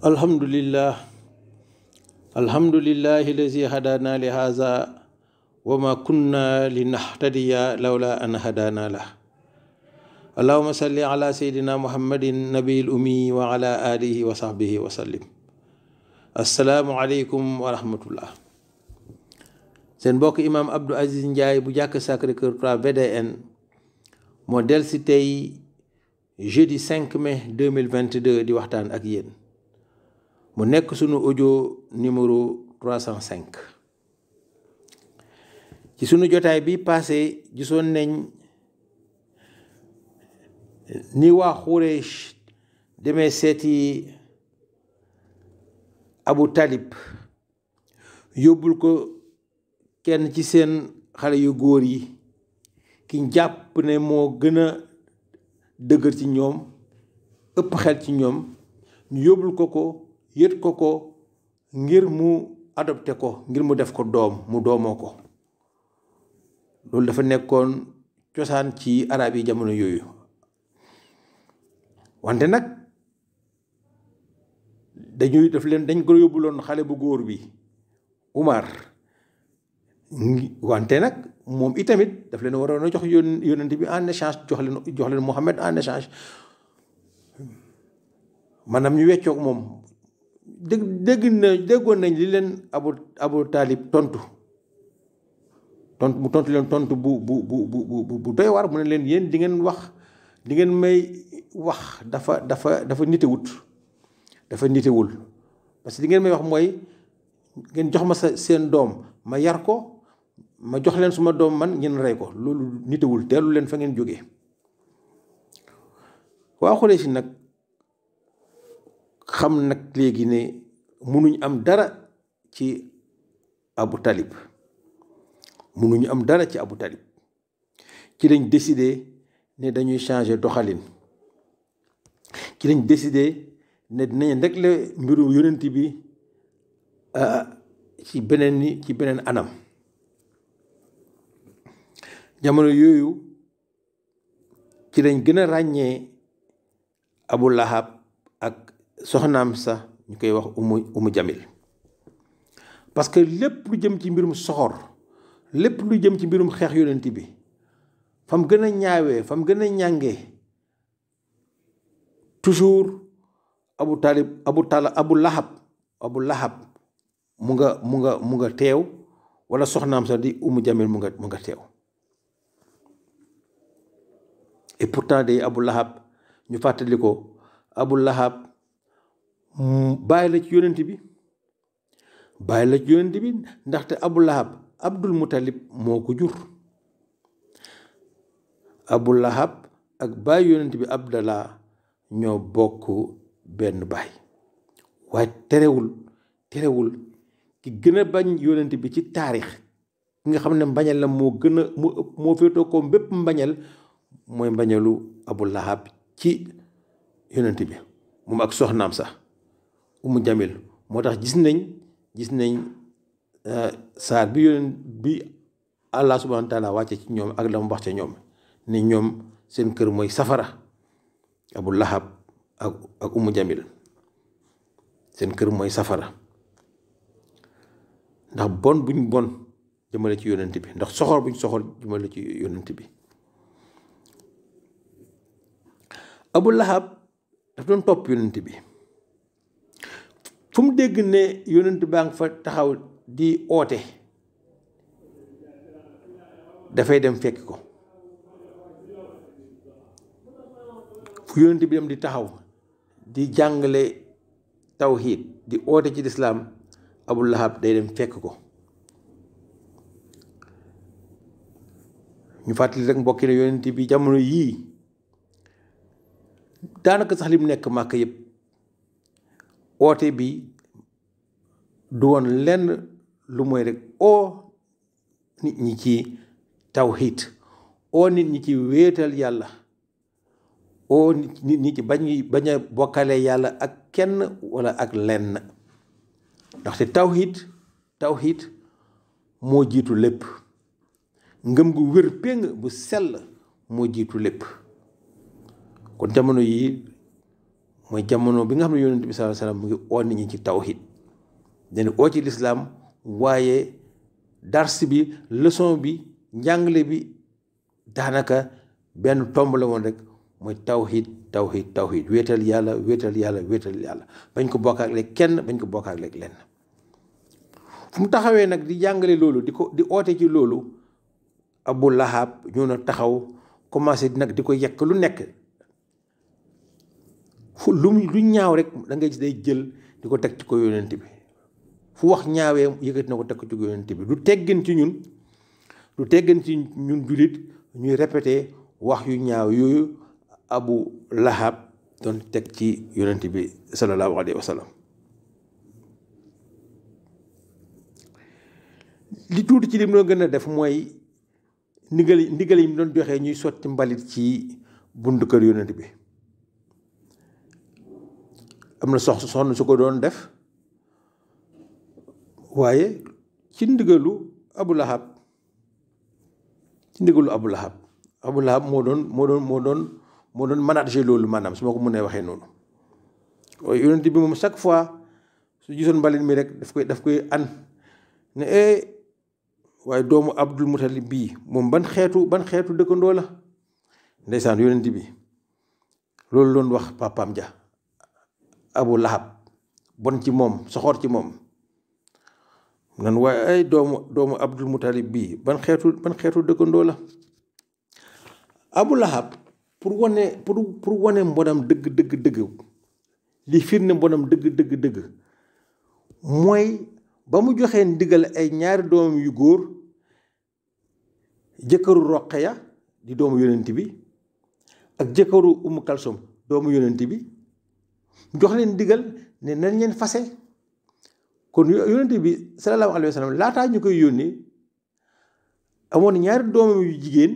الحمد لله الحمد لله الذي هدانا لهذا وما كنا لنهتدي لولا أن هدانا له اللهم صل على سيدنا محمد النبي الأمي وعلى آله وصحبه وسلم السلام عليكم ورحمة الله seen mbokk imaam Abdou Aziz Ndiaye bu jàkk Sacré-Cœur 3 VDN moo del si tey jeudi 5 mai 2022 di waxtaan ak yéen mu nekk sunu ojo numéro 305 ci sunu jotaay bi passé gisoon nañ ni waa Xurees demee seeti Abu Talib yóbbul ko kenn ci seen xale yu góor yi ki jàpp ne moo gën a dëgër ci ñoom ëpp xel ci ñoom ñu yóbbul ko ko yët ko ko ngir mu adopté ko ngir mu def ko doom mu doomoo ko loolu dafa nekkoon cosaan ci araab yi jamono yooyu wante nag dañuy daf leen dañ ko yóbbuloon xale bu góor bi Umar wante nag moom itamit daf leen waroon a jox yón yónnent bi en échange jox leen jox leen Mouhamed en échange maanaam ñu weccoog moom dégg dégg na déggoon nañ li leen abu abu taalib tontu tontu mu tontu leen tontu bu bu bu bu bu doy waar mu ne leen yéen di ngeen wax di ngeen may wax dafa dafa dafa nitewut dafa nitewul parce que li ngeen may wax mooy ngeen jox ma sa seen doom ma yar ko ma jox leen suma doom man ngeen rey ko loolu nitewul teelu leen fa ngeen jógee waa Xuraysh nag xam nag léegi ne munuñ am dara ci abu talib mënuñu am dara ci abu talib ci lañ décidé ne dañuy changer doxalin ci lañ décidé ne dinañ régler mbiru yonent bi euh, ci beneen ci beneen anam jamono yooyu ci lañ gën a ràññee abu lahab ak soxnaam sax ñu koy wax umu umu jamil parce que lépp lu jëm ci mbirum soxor lépp lu jëm ci mbirum xeex yonent bi fam gën a ñaawee fam gën a ñàngee toujours abu taalib abu taalib abu lahab abu lahab mu nga mu nga mu nga teew walla soxnaam sax di umu jamil mu nga mu nga teew et pourtant abu laxab ñu fàttali abu lahab bàyyi la ci yonent bi bàyyi la ci yonent bi ndaxte abu lahab abdul mutalib moo ko jur abu lahab ak bàyyi yonent bi ab abdallah ñoo bokk benn baay waaye terewul terewul ki gën a bañ yonent bi ci taarix ki nga xam ne mbañal la moo gën a moo ëpp moo féetoo ko bépp mbañal mooy mbañalu abu lahab ci yonent bi moom ak soxnaam sax umu jamil moo tax gis nañ gis nañ euh, saar bi allah subhanahu wàcce ci ñoom ak la mu ca ñoom ni ñoom seen kër mooy safara abu laxab ak ak umu jamil seen kër mooy safara ndax bon buñ bon jëmale ci yonent bi ndax soxor buñ soxor jëmale ci yonent bi abu lahab daf doon topp yonent bi fu mu dégg ne yonent baa ngi fa taxaw di oote dafay dem fekk ko fu yonent bi dem di taxaw di jàngale tawxiid di oote ci lislaam abu lahab day dem fekk ko ñu fàttali rek mbokki ne yonent bi jamono yii daanaka sax li mu nekk màkk yëpp oote bi du woon lenn lu mooy rek oo nit ñi ci tawxiid oo nit ñi ci wéetal yàlla oo nit ñi ci bañ bañ a bokkale yàlla ak kenn wala ak lenn ndaxte tawxiid tawxiid moo jiitu lépp ngëm gu wér péng bu sell moo jiitu lépp kon jamono yi mooy jamono bi nga xam ne yonent bi sallallahu alayhi wasallam mu ngi oo nit ñi ci tawhid dañu oo ci lislaam waaye dars bi leçon bi njàngale bi daanaka benn tomb la woon rek mooy tawhid tawhid tawhid wéetal yàlla wéetal yàlla wéetal yàlla bañ ko bokk kenn bañ ko bokk ak leeg fu mu taxawee nag di jàngale loolu di ko di oote ci loolu abu lahab ñoo na taxaw commencé nag di ko yekk lu nekk fu lu ñaaw rek da ngay gis day jël di ko teg ci ko yonent bi fu wax ñaawee yëkkati na ko teg ci ko yonent bi du teggin ci ñun du teggin ci ñun jullit ñuy répété wax yu ñaaw yooyu abu lahab doon teg ci yonent bi sallallahu alayhi wa sallam li tuuti ci lim doon gën a def mooy ndigal ndigal yi mu doon joxee ñuy sotti mbalit ci bund kër yonent bi am na sox soxna su ko doon def waaye ci ndigalu abu lahab ci ndigalu abu lahab abu lahab moo doon moo doon moo doon moo doon manager loolu maanaam su ma ko mënee waxee noonu waaye yonent bi moom chaque fois su jisoon mbalit mi rek daf koy daf koy an ne eh waaye doomu abdul mutalib bii moom ban xeetu ban xeetu dëkkandoo la ndeysaan yonent bi loolu loon wax papaam ja abu lahab bon ci moom soxor ci moom nan waaye ay doomu doomu abdul mutalib bii ban xeetu ban xeetu dëkkandoo la abu lahab pour wane pour pour wane mbonam dëgg dëgg dëgg firnde mbonam dëgg dëgg dëgg mooy ba mu joxee ndigal ay ñaari doom yu góor jëkkëru roq ya di doomu yonent bi ak jëkkëru umu kalsom doomu yonent bi jox leen digal ne nañ leen fase kon yonente bi sallallahu alayhi wa sallam laataa ñu koy yónnee amoon ñaari doomam yu jigéen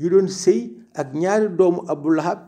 yu doon sëy ak ñaari doomu abu lahab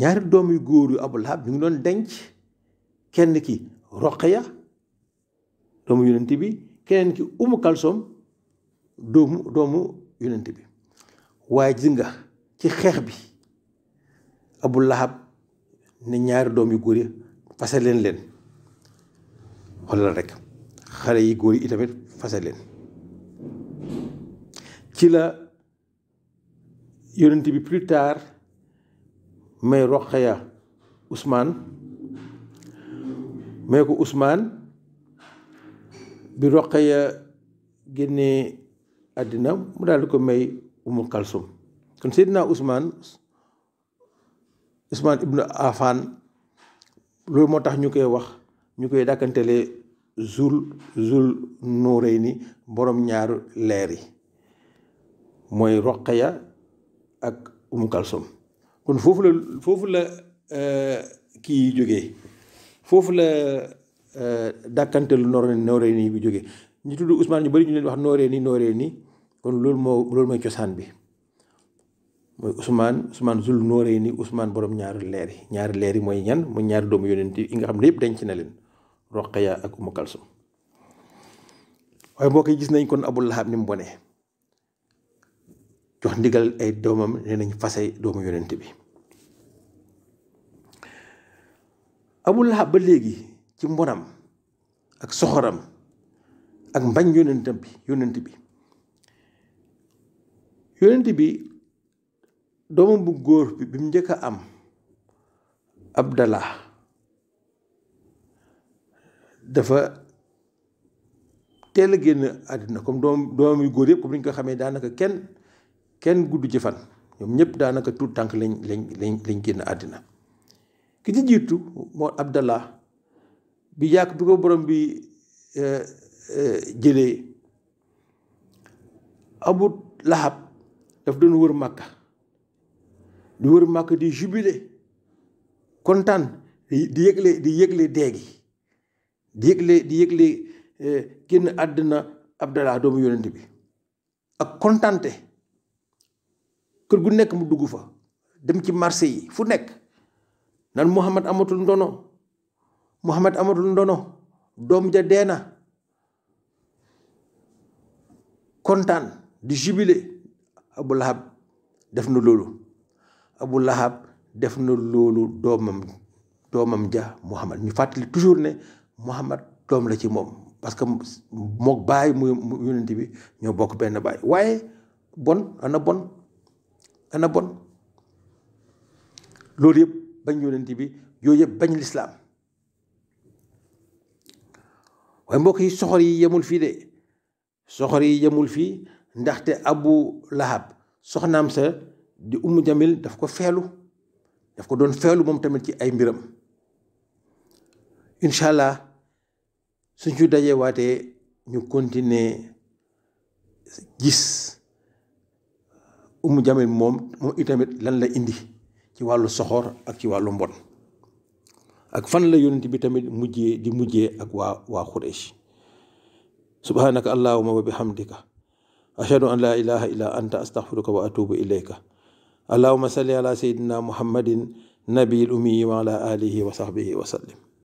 ñaari doom yu góor yu abu lahab ñu ngi doon denc kenn ki roqaya doomu yonente bi keneen ki umu kalsom doomu doomu yonente bi waaye gis nga ci xeex bi abu lahab ne ñaari doom yu góor yi fase leen leen xoolal rek xale yi góor yi itamit fase leen ci la yonent bi plus tard may Roqaya usmaan may ko Ousmane bi ya génnee àddina mu daal di ko may Umu Kalsum kon Seydina Ousmane Ousmane Ibn Affan loolu moo tax ñu koy wax ñu koy dàkkantelee zul zul nuurey ni borom ñaaru leer yi mooy Roqaya ak Umu Kalsum kon foofu la foofu la euh, kii jóge foofu la euh, dàkkantelu noore nooree nii bi jógee ñu tudd Ousmane ñu bari ñu leen wax nooree nii nooree nii kon loolu loolu mooy cosaan bi mooy Ousmane Ousmane Zul Nooreeni usmaan boroom ñaari leer yi ñaari leer yi mooy ñan mooy ñaari doomu yonent yi nga xam ne yëpp denc na leen Roqeya ak Umu Kalsum waaye mbokk yi gis nañ kon Abu Lahab ni mu bone jox ndigal ay doomam nee nañ fase doomu yonent bi Abu Lahab ba léegi ci mbonam ak soxoram ak mbañ yonentam bi yonent bi yonent bi doomam bu góor bi bi mu njëkk a am Abdallah dafa teel a génn àddina comme doom doomam yu góor yëpp comme ni ñu ko xamee daanaka kenn kenn gudd ci fan ñoom ñëpp daanaka tuut tànk lañ lañ lañ lañ génn àddina ki ci jiitu moo Abdallah bi yàq bi ko borom bi eh, eh, jëlee Abu Lahab daf doon wër Màkka di wër màkk di jubile kontaan di yëgle di yëgle dee gi di yëgle di yëgle eh, génn àddina Abdallah doomu yonent bi ak kontaante kër gu nekk mu dugg fa dem ci marché yi fu nekk nan Muhammad amatul ndono Muhammad amatul ndono doom ja dee na kontaan di jubile Abu Lahab def na loolu abu lahab def na loolu doomam doomam ja muhammad ñu fàttali toujours ne muhammad doom la ci moom parce que mook baay mu yonent bi ñoo bokk benn baay waaye bon ana bon ana bon loolu yëpp bañ yonent bi yooyu yëpp bañ lislaam waaye mbokk yi soxor yi yemul fii de soxor yi yemul fii ndaxte abu lahab soxnaam sa di Umu Jamil daf ko feelu daf ko doon feelu moom tamit ci ay mbiram incha allah suñ ci dajee waatee ñu kontine gis Umu Jamil moom moom itamit lan la indi ci wàllu soxor ak ci wàllu mbon ak fan la yonent bi tamit mujjee di mujjee ak waa waa Xurees subhanaka allahuma wa bihamdika ashhadu an la ilaha illa anta astaghfiruka wa atubu ilayka allahuma salli ala seydina muhammadin nabil ummi wa ala alihi wa sahbihi wa sallim